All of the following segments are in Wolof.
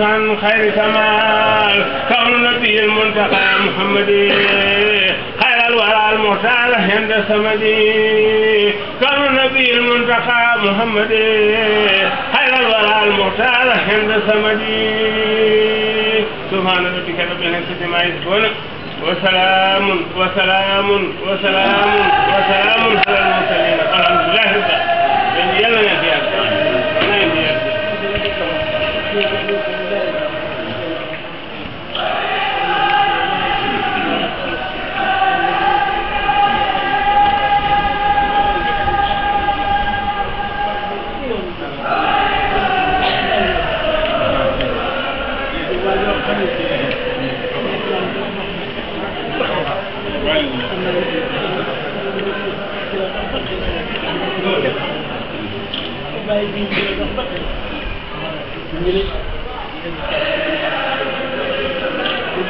عن خير كمال كون نبي المنتقى محمد خير الورى المختار عند الصمد كون نبي المنتقى محمد خير الورى المختار عند الصمد سبحان ربك رب العزة ما يصفون وسلام وسلام وسلام وسلام على المرسلين الحمد لله رب العالمين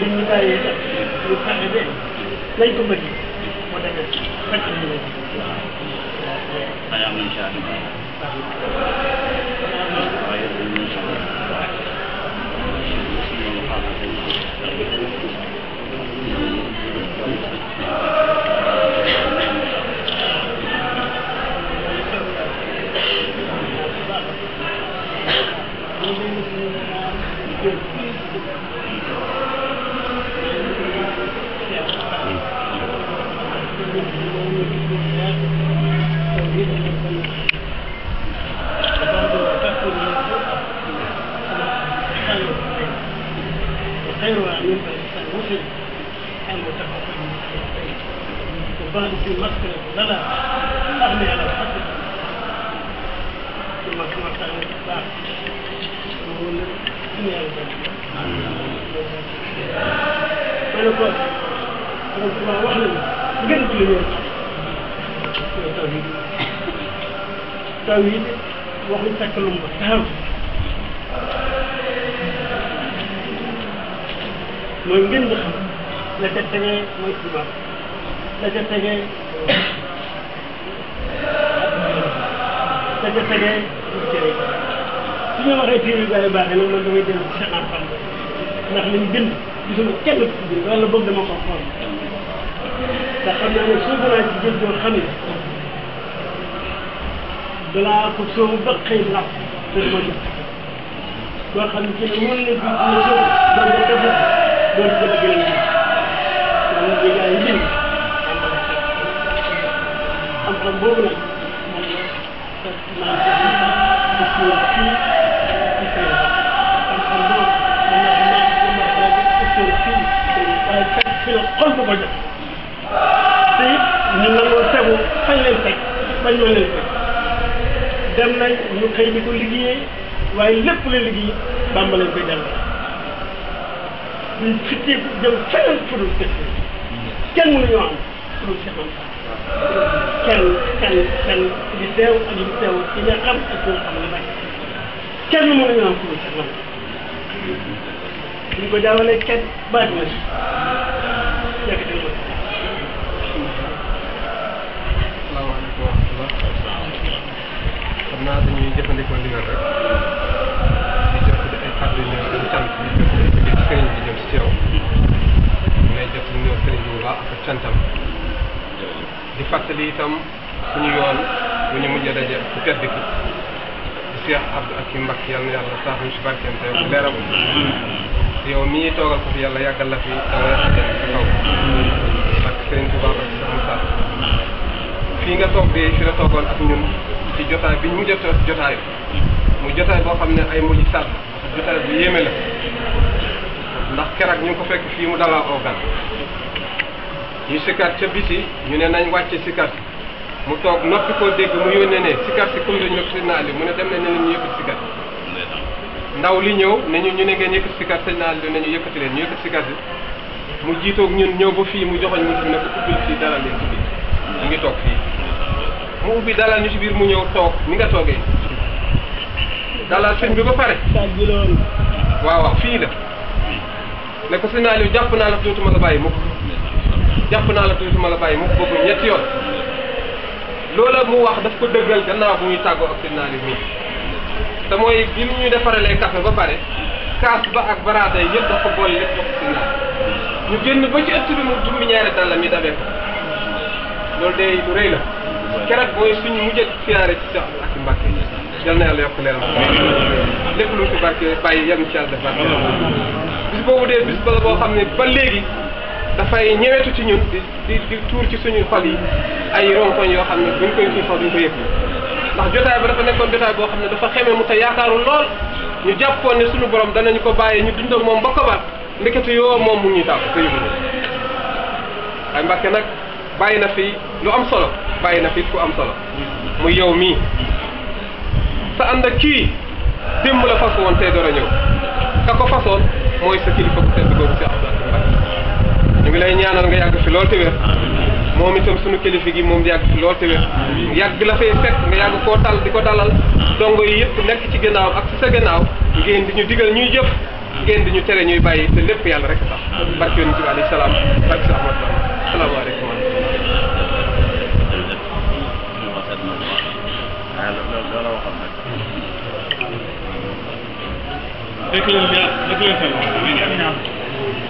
didn't try it. You can't do it. Play somebody. Whatever. Cut to me. I am in charge. I am in charge. الرباني في مكة لا لا أغني على الحد كما كما كان الإسلام يقول الدنيا أنا قلت أنا كما أعلم قلت لي توحيد توحيد وهم تكلم تهم من قلت لتتنى ما يسمى sëñ Sege sëñ Sege. su ñu waxee téere yu baax a baax nag man damay dellu ci sama xam ndax liñ bind gisuma kenn ku ci bind wala boog dama ko xool ndax xam naa ne soo gënaa ci jël doo xam ne balaa ko soo ba xëy lapp doo ma jot boo xam ne ci ne mën na bi na soo doon ko def doon ko def gën a borom boobu nag moom la def maam Cheikh Moussa def ci ci Sénégal xam-xam boobu moom la maam Cheikh Moussa def ci fii waaye fekk fi la xol bu ko jox te it ñu nangoo tegu fañ leen teg bañ ma leen teg dem nañ ñu xëy di ko liggéeyee waaye lépp la liggéey bàmba lañ koy dellu duñ fittee jëm feneen fudul kenn mënuñoo am fudul Cheikh Moussa kenn kenn kenn li teew ak li teew ci nga xam ak ñoo xam ne bañ kenn mën nañu am suñu sax ñu ko jaawalee kenn baaj na si yëkkati ma salaamaaleykum wa rahmatulah xam naa dañuy jëfandikoo ndigal rek di jot ay kàddu yu néew ak cant yi jot ci sëriñ bi jëm si yow ngay jot ñu sëriñ bi bu baax ak cantam di fàttali itam suñu yoon bu ñu mujj a daje tedd ki di Cheikh Abdou Akim Mbacké yal na yàlla sax ñu si barkeem te yow leeram yow mi ñuy toogal ko fi yàggal la fi dama nga toog de fi la toogoon ak ñun ci jotaay bi ñu mujj a jotaay mu boo xam ne ay mujj sàtt jotaay bu yéeme la ndax keroog ñu ngi ko fekk fii mu dalaa oogan ñu sikar ca biti ñu ne nañ wàcce sikar mu toog noppi koo dégg mu yónnee ne sikar si ko lañ yëkkati naa li mu ne dem nañ ne leen yëkkati sikar ndaw li ñëw ne ñu ne ngeen yëkkati sikar sëñ naa li nañu yëkkati leen ñu yëkkati sikar mu jiitoog ñun ñëw ba fii mu joxoñ mu ne ko ubbil fii dalal leen ci biir mu ngi toog fii mu ubbi dalal ñu ci biir mu ñëw toog ni nga toogee dalal sëñ bi ba pare waaw waaw fii la ne ko sëñ naa li jàpp naa la dootuma la bàyyi mukk jàpp naa la tuuti ma la bàyyi mu bëgg ñetti yoon loola mu wax daf ko dëggal gannaaw bu muy tàggoo ak Seydina Aliou mii te mooy bi ñu defaralee café ba pare kaas ba ak baraada yi yëpp dafa boole lépp jox Seydina génn ba ci ëtt bi mu jumbi ñaari dàllam mi dabee ko loolu de lu rëy la keroog mooy suñu mujjee siyaare ci Seex ak Mbàkke yal na yàlla yokk leeram lépp lu ci barke léegi dafay ñëwetu ci ñun di di tuur ci suñu xol yi ay ronkoñ yoo xam ne buñ koy suufoo duñ ko yëg ndax jotaay ba dafa nekkoon jotaay boo xam ne dafa xeme mu te yaakaaru lool ñu jàppoon ne suñu borom danañu ko bàyyee ñu dund ak moom ba ko ba ndekete yoo moom mu ñuy taw ko yëgul ay Mbàkke nag bàyyi na fi lu am solo bàyyi na fi ku am solo mu yow mii sa ànd ak kii démb la fas woon tey door a ñëw lool te wér moom itam sunu kilifa gi moom yàgg fi lool te wér yàgg la fay fekk nga yàgg koo tal di ko dalal dongo yi nekk ci gannaaw ak ci sa gannaaw ngeen di ñu digal ñuy jëf di ñu tere ñuy bàyyi te lépp yàlla rek sax barke yonent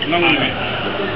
bi alayhi salaam